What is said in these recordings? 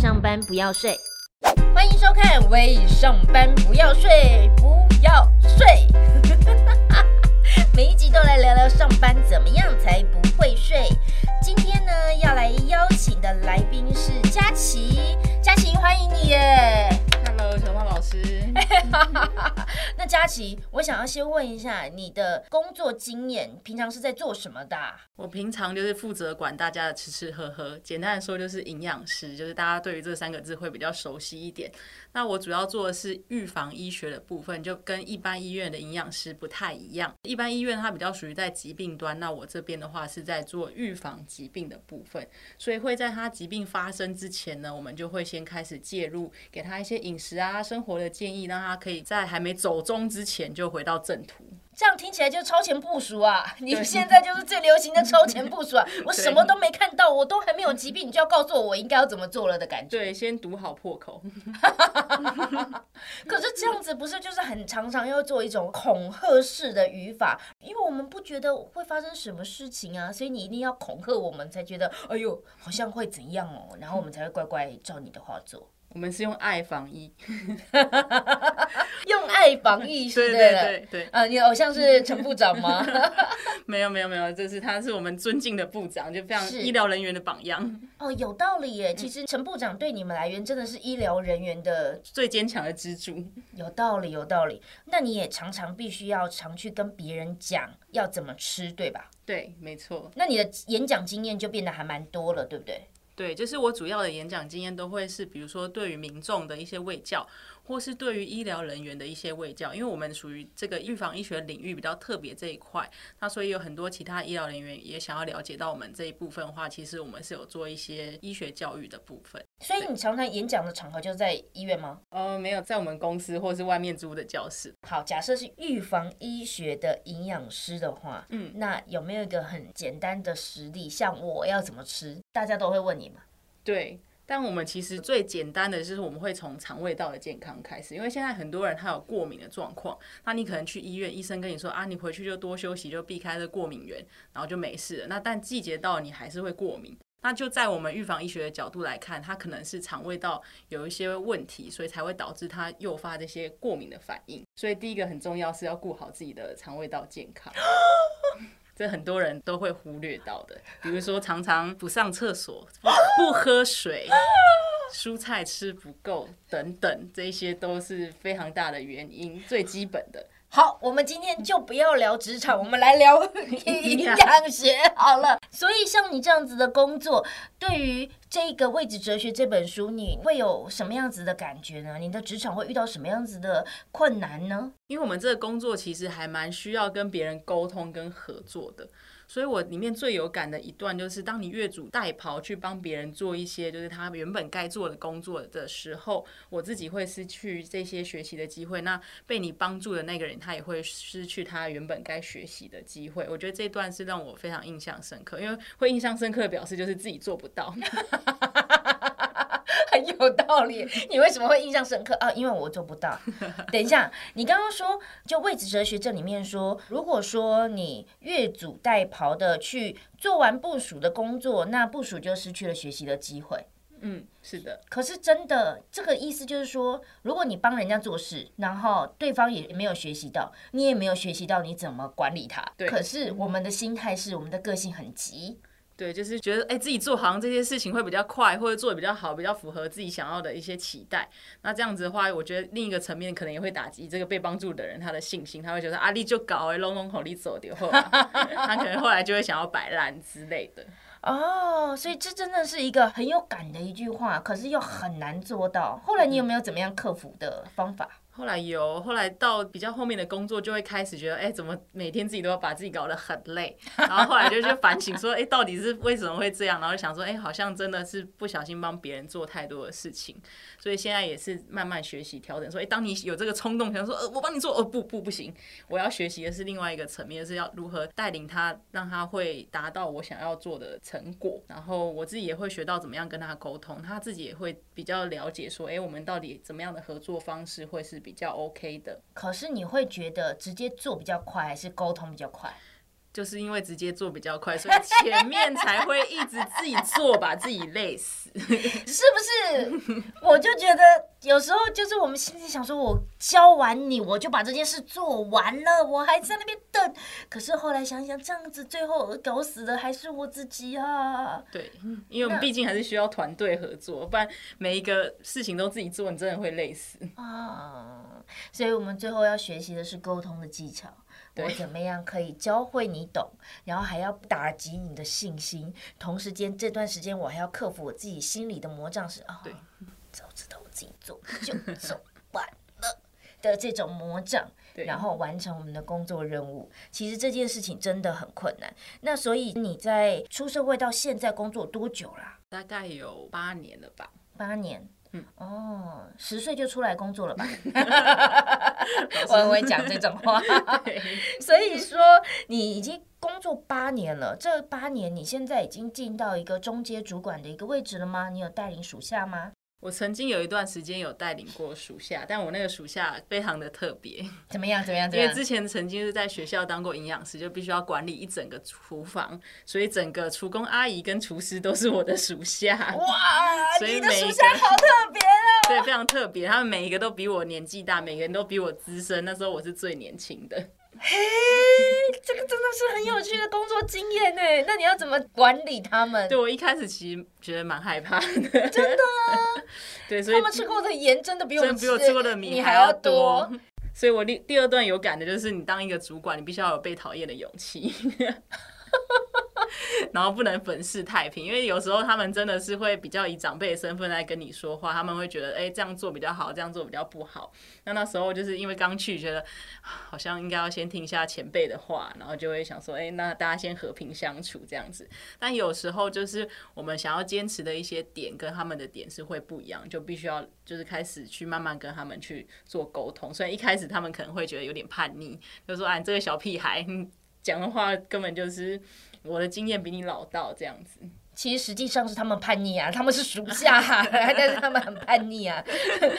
上班不要睡，歡迎收看《位上班不要睡，不要睡。》 每一集都來聊聊上班怎麼樣才不會睡。今天呢，要來邀請的來賓是家琪，家琪歡迎你耶！小胖老師， 那家琪，我想要先問一下你的工作經驗，平常是在做什麼的啊？我平常就是負責管大家的吃吃喝喝，簡單的說就是營養師，就是大家對於這三個字會比較熟悉一點。那我主要做的是預防醫學的部分，就跟一般醫院的營養師不太一樣。一般醫院它比較屬於在疾病端，那我這邊的話是在做預防疾病的部分，所以會在他疾病發生之前呢，我們就會先開始介入，給他一些飲食。大家生活的建議，讓他可以在還沒走中之前就回到正途。這樣聽起來就是超前部署啊！你們現在就是最流行的超前部署啊！ 我什麼都沒看到，我都還沒有疾病，你就要告訴我我應該要怎麼做了的感覺？對，先堵好破口。 可是這樣子不是就是很常常要做一種恐嚇式的語法？因為我們不覺得會發生什麼事情啊，所以你一定要恐嚇我們，才覺得哎呦，好像會怎樣哦、喔，然後我們才會乖乖照你的話做。我們是用愛防疫， 用愛防疫， 對對對對。 啊，你的偶像是陳部長嗎？ 沒有沒有沒有，就是他，是我們尊敬的部長，就非常醫療人員的榜樣。哦，有道理耶。其實陳部長對你們來源真的是醫療人員的、嗯、最堅強的支柱。有道理，有道理。那你也常常必須要常去跟別人講要怎麼吃，對吧？對，沒錯。那你的演講經驗就變得還蠻多了，對不對？對，就是我主要的演講經驗都會是，比如說對於民眾的一些衛教。或是對於醫療人員的一些衛教，因為我們屬於這個預防醫學領域比較特別這一塊，那所以有很多其他醫療人員也想要了解到我們這一部分的話，其實我們是有做一些醫學教育的部分。所以你常常演講的場合就在醫院嗎？呃，沒有，在我們公司或是外面租的教室。好，假設是預防醫學的營養師的話，嗯，那有沒有一個很簡單的實例，像我要怎麼吃，大家都會問你嗎？對。但我們其實最簡單的就是我們會從腸胃道的健康開始，因為現在很多人他有過敏的狀況，那你可能去醫院，醫生跟你說啊，你回去就多休息，就避開這過敏源，然後就沒事了。那但季節到你還是會過敏，那就在我們預防醫學的角度來看，它可能是腸胃道有一些問題，所以才會導致它誘發這些過敏的反應。所以第一個很重要是要顧好自己的腸胃道健康。 以，很多人都會忽略到的，比如說常常不上廁所、不喝水、蔬菜吃不夠等等，這些都是非常大的原因，最基本的。好，我們今天就不要聊職場， 我們來聊營養 學好了。所以像你這樣子的工作，對於這個位置哲學這本書，你會有什麼樣子的感覺呢？你的職場會遇到什麼樣子的困難呢？因為我們這個工作其實還蠻需要跟別人溝通跟合作的，所以我裡面最有感的一段就是，當你越俎代庖去幫別人做一些就是他原本該做的工作的時候，我自己會失去這些學習的機會。那被你幫助的那個人，他也會失去他原本該學習的機會。我覺得這一段是讓我非常印象深刻，因為會印象深刻的表示就是自己做不到。 很有道理，你為什麼會印象深刻啊？因為我做不到。 等一下，你剛剛說就位置哲學這裡面說，如果說你越俎代庖的去做完部屬的工作，那部屬就失去了學習的機會。嗯，是的。可是真的，這個意思就是說，如果你幫人家做事，然後對方也沒有學習到，你也沒有學習到你怎麼管理他。對。可是我們的心態是，我們的個性很急。對，就是覺得哎、欸，自己做好像這些事情會比較快，或者做得比較好，比較符合自己想要的一些期待。那這樣子的話，我覺得另一個層面可能也會打擊這個被幫助的人他的信心，他會覺得阿力、啊、就搞哎，弄弄吼，你走掉，他可能後來就會想要擺爛之類的。 哦，所以這真的是一個很有感的一句話，可是又很難做到。後來你有沒有怎麼樣克服的方法？嗯後來有，後來到比較後面的工作，就會開始覺得，哎，怎麼每天自己都要把自己搞得很累？然後後來就去反省，說，哎，到底是為什麼會這樣？然後就想說，哎，好像真的是不小心幫別人做太多的事情。所以現在也是慢慢學習調整，說，哎，當你有這個衝動想說，呃，我幫你做，呃，不不不行，我要學習的是另外一個層面，就是要如何帶領他，讓他會達到我想要做的成果。然後我自己也會學到怎麼樣跟他溝通，他自己也會比較了解，說，哎，我們到底怎麼樣的合作方式會是比。比較 OK 的，可是你會覺得直接做比較快，還是溝通比較快？就是因為直接做比較快，所以前面才會一直自己做， 把自己累死， 是不是？我就覺得有時候就是我們心裡想說，我教完你，我就把這件事做完了，我還在那邊等。可是後來想想，這樣子最後搞死的還是我自己啊！對，因為我們畢竟還是需要團隊合作，不然每一個事情都自己做，你真的會累死啊。所以我們最後要學習的是溝通的技巧。我怎麼樣可以教會你懂？然後還要打擊你的信心，同時間這段時間我還要克服我自己心裡的魔障，是啊、哦，早知道我自己做就做，完 了的這種魔障，對，然後完成我們的工作任務。其實這件事情真的很困難。那所以你在出社會到現在工作多久啦、啊？大概有八年了吧。八年。哦，十歲就出來工作了吧？我不會講這種話。所以說，你已經工作八年了，這八年你現在已經進到一個中階主管的一個位置了嗎？你有帶領屬下嗎？我曾經有一段時間有帶領過屬下，但我那個屬下非常的特別。怎麼樣？怎麼樣？怎麼樣？因為之前曾經是在學校當過營養師，就必須要管理一整個廚房，所以整個廚工阿姨跟廚師都是我的屬下。哇，所以每一個你的屬下好特別哦！對，非常特別，他們每一個都比我年紀大，每個人都比我資深，那時候我是最年輕的。嘿，這個真的是很有趣的工作經驗呢。那你要怎麼管理他們？對，我一開始其實覺得蠻害怕的，真的啊， 對，所以他們吃過的鹽真的比我比我吃過的米還要多。要多，所以我第第二段有感的就是，你當一個主管，你必須要有被討厭的勇氣。 然後不能粉飾太平，因為有時候他們真的是會比較以長輩的身份來跟你說話，他們會覺得哎、欸、這樣做比較好，這樣做比較不好。那那時候就是因為剛去，覺得好像應該要先聽一下前輩的話，然後就會想說哎、欸，那大家先和平相處這樣子。但有時候就是我們想要堅持的一些點跟他們的點是會不一樣，就必須要就是開始去慢慢跟他們去做溝通。所以一開始他們可能會覺得有點叛逆，就是、說哎，啊、這個小屁孩你講的話根本就是。我的經驗比你老到，這樣子，其實實際上是他們叛逆啊，他們是屬下、啊， 但是他們很叛逆啊。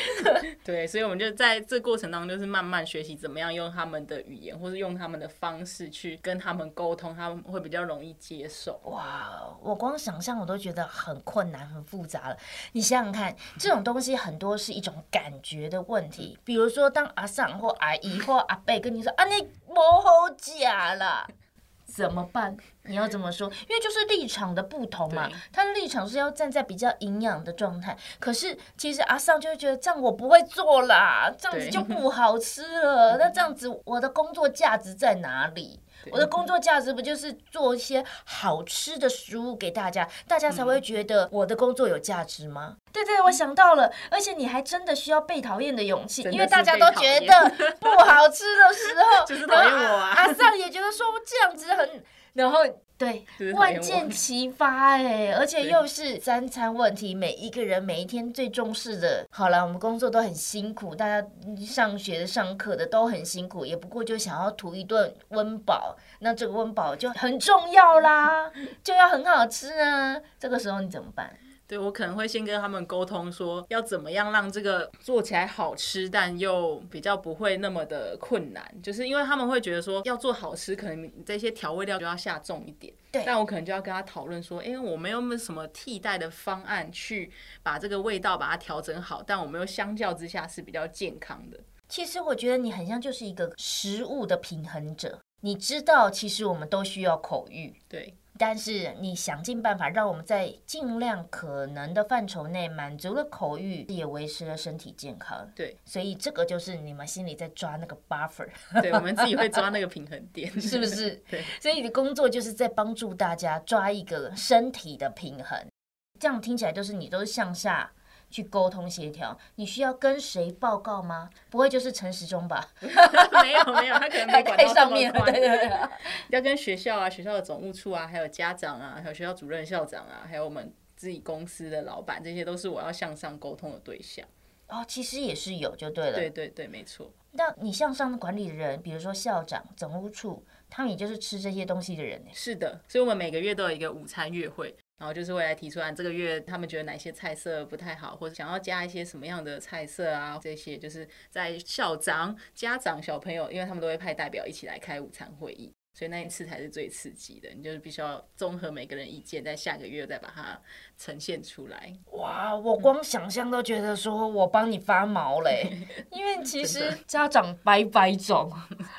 對，所以我們就在這過程當中，就是慢慢學習怎麼樣用他們的語言，或是用他們的方式去跟他們溝通，他們會比較容易接受。哇，我光想象我都覺得很困難、很複雜了。你想想看，這種東西很多是一種感覺的問題，比如說當阿桑或阿姨或阿伯跟你說啊，你摸後假啦， 怎麼辦？ 你要怎麼說？因為就是立場的不同嘛、啊。他的立場是要站在比較營養的狀態，可是其實阿尚就會覺得這樣我不會做啦，這樣子就不好吃了。嗯、那這樣子我的工作價值在哪裡？我的工作價值不就是做一些好吃的食物給大家，大家才會覺得我的工作有價值嗎？嗯、對,對對，我想到了，而且你還真的需要被討厭的勇氣，因為大家都覺得不好吃的時候， 就是討厭我啊，阿尚也覺得說這樣子很。 然後，對，就是、萬箭齊發哎、欸，而且又是三餐問題，每一個人每一天最重視的。好了，我們工作都很辛苦，大家上學的、上課的都很辛苦，也不過就想要圖一頓溫飽，那這個溫飽就很重要啦， 就要很好吃啊。這個時候你怎麼辦？對，我可能會先跟他們溝通說，說要怎麼樣讓這個做起來好吃，但又比較不會那麼的困難。就是因為他們會覺得說要做好吃，可能這些調味料就要下重一點。對。但我可能就要跟他討論說，因為我們有沒有什麼替代的方案，去把這個味道把它調整好，但我們又相較之下是比較健康的。其實我覺得你很像就是一個食物的平衡者，你知道，其實我們都需要口欲。對。但是你想盡辦法讓我們在尽量可能的範疇內滿足了口慾，也維持了身體健康。對，所以這個就是你們心裡在抓那個 buffer。對，我們自己會抓那個平衡點， 是不是？所以你的工作就是在幫助大家抓一個身體的平衡。這樣聽起來就是你都是向下。去溝通協調，你需要跟誰報告嗎？不會就是陳時中吧？ 沒有沒有，他可能在上面了。對對，對要跟學校啊、學校的總務處啊、還有家長啊、還有學校主任、校長啊，還有我們自己公司的老闆，這些都是我要向上溝通的對象。哦，其實也是有就對了。對對對，沒錯。那你向上管理的人，比如說校長、總務處，他們也就是吃這些東西的人。是的，所以我們每個月都有一個午餐月會。然後就是會來提出來，這個月他們覺得哪些菜色不太好，或者想要加一些什麼樣的菜色啊？這些就是在校長、家長、小朋友，因為他們都會派代表一起來開午餐會議。所以那一次才是最刺激的，你就是必須要綜合每個人意見，在下個月再把它呈現出來。哇，我光想象都覺得說，我幫你發毛嘞， 因為其實家長百百種，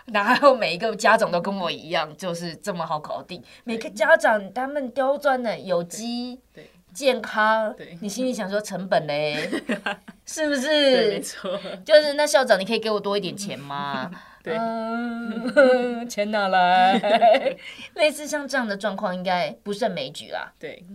哪有 每一個家長都跟我一樣，就是這麼好搞定？每個家長他們刁鑽的有機對，對健康，對，你心裡想說成本嘞， 是不是？沒錯，就是那校長，你可以給我多一點錢嗎？ 對，嗯，錢 哪來？ 類似像這樣的狀況，應該不勝枚舉啦。對，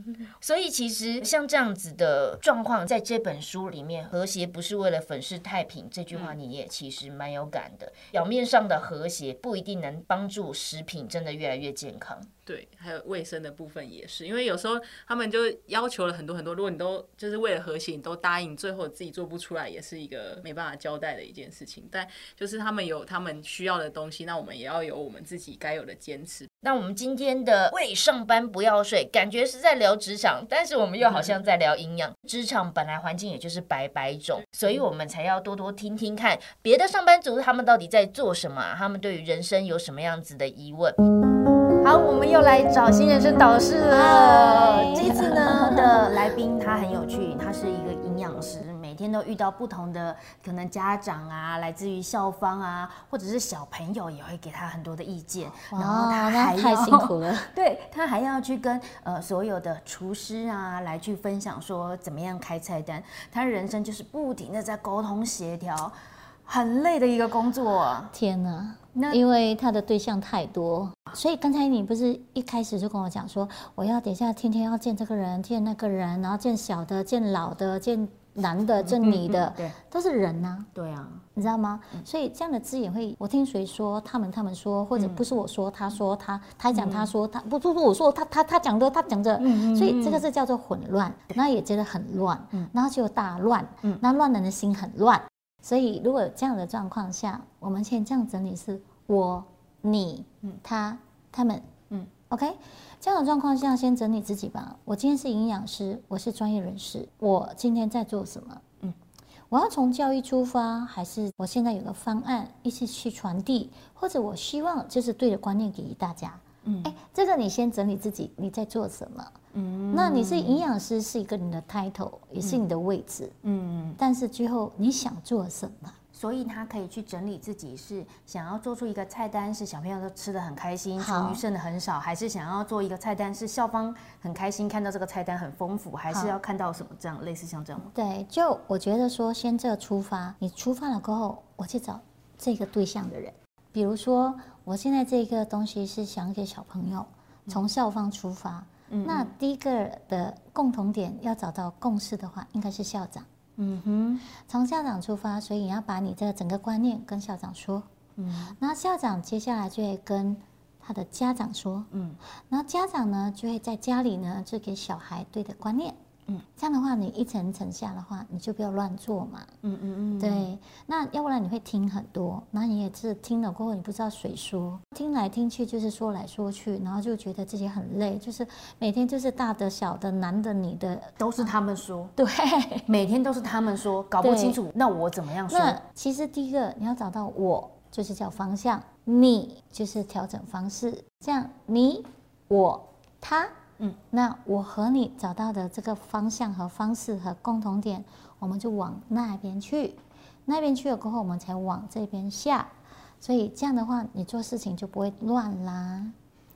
所以其實像這樣子的狀況，在這本書裡面，和諧不是為了粉飾太平。這句話，你也其實蠻有感的。表面上的和諧，不一定能幫助食品真的越來越健康。對，還有衛生的部分也是，因為有時候他們就要求了很多很多，如果你都就是為了和諧你都答應，最後自己做不出來，也是一個沒辦法交代的一件事情。但就是他們有他們需要的東西，那我們也要有我們自己該有的堅持。那我們今天的“位！上班不要睡”感覺是在聊職場，但是我們又好像在聊營養。 職場本來環境也就是白白種，所以我們才要多多聽聽看別的上班族他們到底在做什麼、啊，他們對於人生有什麼樣子的疑問。好，我們又來找新人生導師了。這次呢，的來賓他很有趣，他是一個營養師，每天都遇到不同的可能家長啊，來自於校方啊，或者是小朋友也會給他很多的意見。哇、哦，然後他還要，那太辛苦了。對，他還要去跟呃所有的廚師啊來去分享說怎麼樣開菜單。他人生就是不停地在溝通協調。很累的一個工作，啊，天哪！那因為他的對象太多，所以剛才你不是一開始就跟我講說，我要等一下天天要見這個人，見那個人，然後見小的、見老的、見男的、見女的、嗯嗯，對，都是人啊。對啊，你知道嗎？嗯、所以這樣的字眼會，我聽誰說？他們他們說，或者不是我說，他說他，他講、嗯、他說他，不是我說他他他講的？他講的、嗯嗯。所以這個是叫做混亂，那也覺得很亂、嗯，然後就大亂，那、嗯、亂人、嗯、的心很亂。所以，如果有這樣的狀況下，我們先這樣整理：是我、你、嗯、他、他們、嗯，OK。這樣的狀況下，先整理自己吧。我今天是營養師，我是專業人士。我今天在做什麼？嗯，我要從教育出發，還是我現在有個方案，一起去傳遞，或者我希望就是對的觀念給予大家？嗯，哎、欸，這個你先整理自己，你在做什麼？嗯，那你是營養師是一個你的 title、嗯、也是你的位置。嗯，但是最後你想做什麼？所以他可以去整理自己，是想要做出一個菜單是小朋友都吃得很開心，廚餘剩的很少，還是想要做一個菜單是校方很開心看到這個菜單很豐富，還是要看到什麼，這樣類似像這樣嗎？對，就我覺得說先這個出發，你出發了過後，我去找這個對象的人。比如說我現在這個東西是想給小朋友從校方出發。嗯那第一個的共同點，要找到共識的話，應該是校長。嗯哼，從校長出發，所以你要把你這個整個觀念跟校長說。嗯，那校長接下來就會跟他的家長說。嗯，然後家長呢就會在家裡呢就給小孩對的觀念。嗯，這樣的話，你一層層下的話，你就不要亂做嘛。嗯嗯嗯。對，那要不然你會聽很多，那你也是聽了過後，你不知道誰說，聽來聽去就是說來說去，然後就覺得自己很累，就是每天就是大的、小的、男的、女的都是他們說，對，每天都是他們說，搞不清楚那我怎麼樣說？那其實第一個你要找到我，就是叫方向，你就是調整方式，這樣你我他。嗯，那我和你找到的這個方向和方式和共同點，我們就往那邊去，那邊去了過後，我們才往這邊下，所以這樣的話，你做事情就不會亂啦。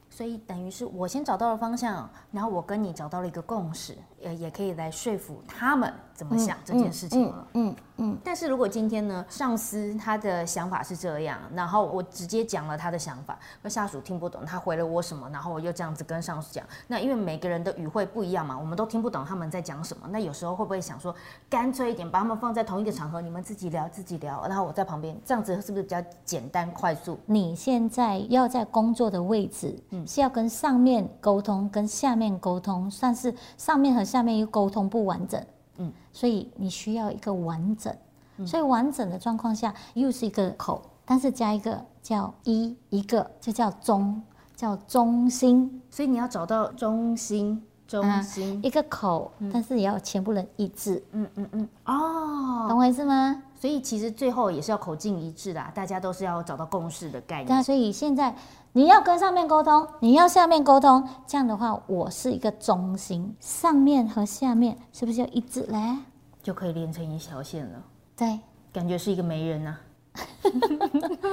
所以等於是我先找到了方向，然後我跟你找到了一個共識。也也可以來說服他們怎麼想這件事情了。嗯嗯。但是，如果今天呢，上司他的想法是這樣，然後我直接講了他的想法，那下屬聽不懂，他回了我什麼，然後我又這樣子跟上司講。那因為每個人的語彙不一樣嘛，我們都聽不懂他們在講什麼。那有時候會不會想說，乾脆一點，把他們放在同一個場合，你們自己聊，自己聊，然後我在旁邊，這樣子是不是比較簡單快速？你現在要在工作的位置，嗯，是要跟上面溝通，跟下面溝通，算是上面很。下面一個溝通不完整，嗯，所以你需要一個完整，嗯、所以完整的狀況下又是一個口，但是加一個叫一，一個就叫中，叫中心，所以你要找到中心。中心、啊、一個口，嗯、但是也要全部能一致。嗯嗯嗯。哦，懂我意思嗎？所以其實最後也是要口徑一致的，大家都是要找到共識的概念。那、啊、所以現在你要跟上面溝通，你要下面溝通，這樣的話，我是一個中心，上面和下面是不是要一致？來、啊，就可以連成一條線了。對，感覺是一個媒人吶、啊。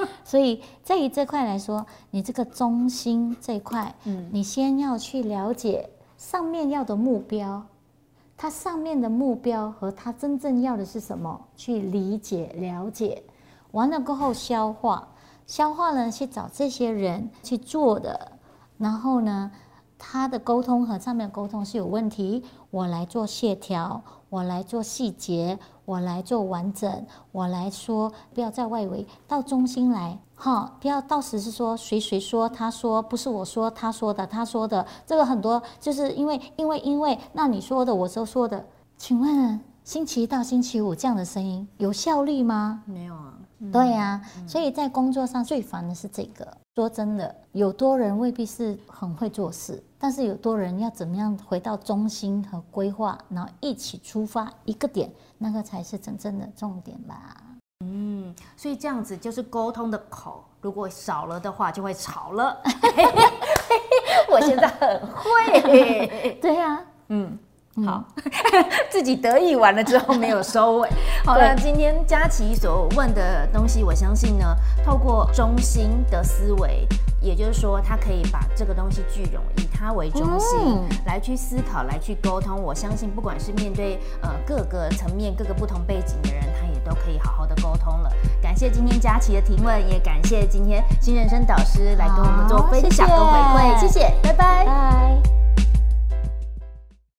所以在於這塊來說，你這個中心這塊，嗯，你先要去了解。上面要的目標，他上面的目標和他真正要的是什麼？去理解、了解，完了過後消化，消化了去找這些人去做的，然後呢，他的溝通和上面的溝通是有問題。我來做協調，我來做細節，我來做完整，我來說，不要在外圍，到中心來，哈、哦，不要到時是說誰誰說，他說不是我說，他說的，他說的，這個很多，就是因為因為因為，那你說的，我都說的，請問星期一到星期五這樣的聲音有效率嗎？沒有啊。嗯、對呀、啊，所以在工作上最煩的是這個、嗯。說真的，有多人未必是很會做事，但是有多人要怎麼樣回到中心和規劃，然後一起出發一個點，那個才是真正的重點吧。嗯，所以這樣子就是溝通的口，如果少了的話就會吵了。嘿嘿 我現在很會。 對呀、啊，嗯。嗯、好， 自己得意完了之後沒有收尾。 好了，今天家琪所問的東西，我相信呢，透過中心的思維，也就是說，他可以把這個東西聚攏，以他為中心、嗯、來去思考，來去溝通。我相信，不管是面對呃各個層面、各個不同背景的人，他也都可以好好的溝通了。感謝今天家琪的提問，也感謝今天星人生導師來跟我們做分享跟回饋，謝謝。謝謝，拜拜。拜拜。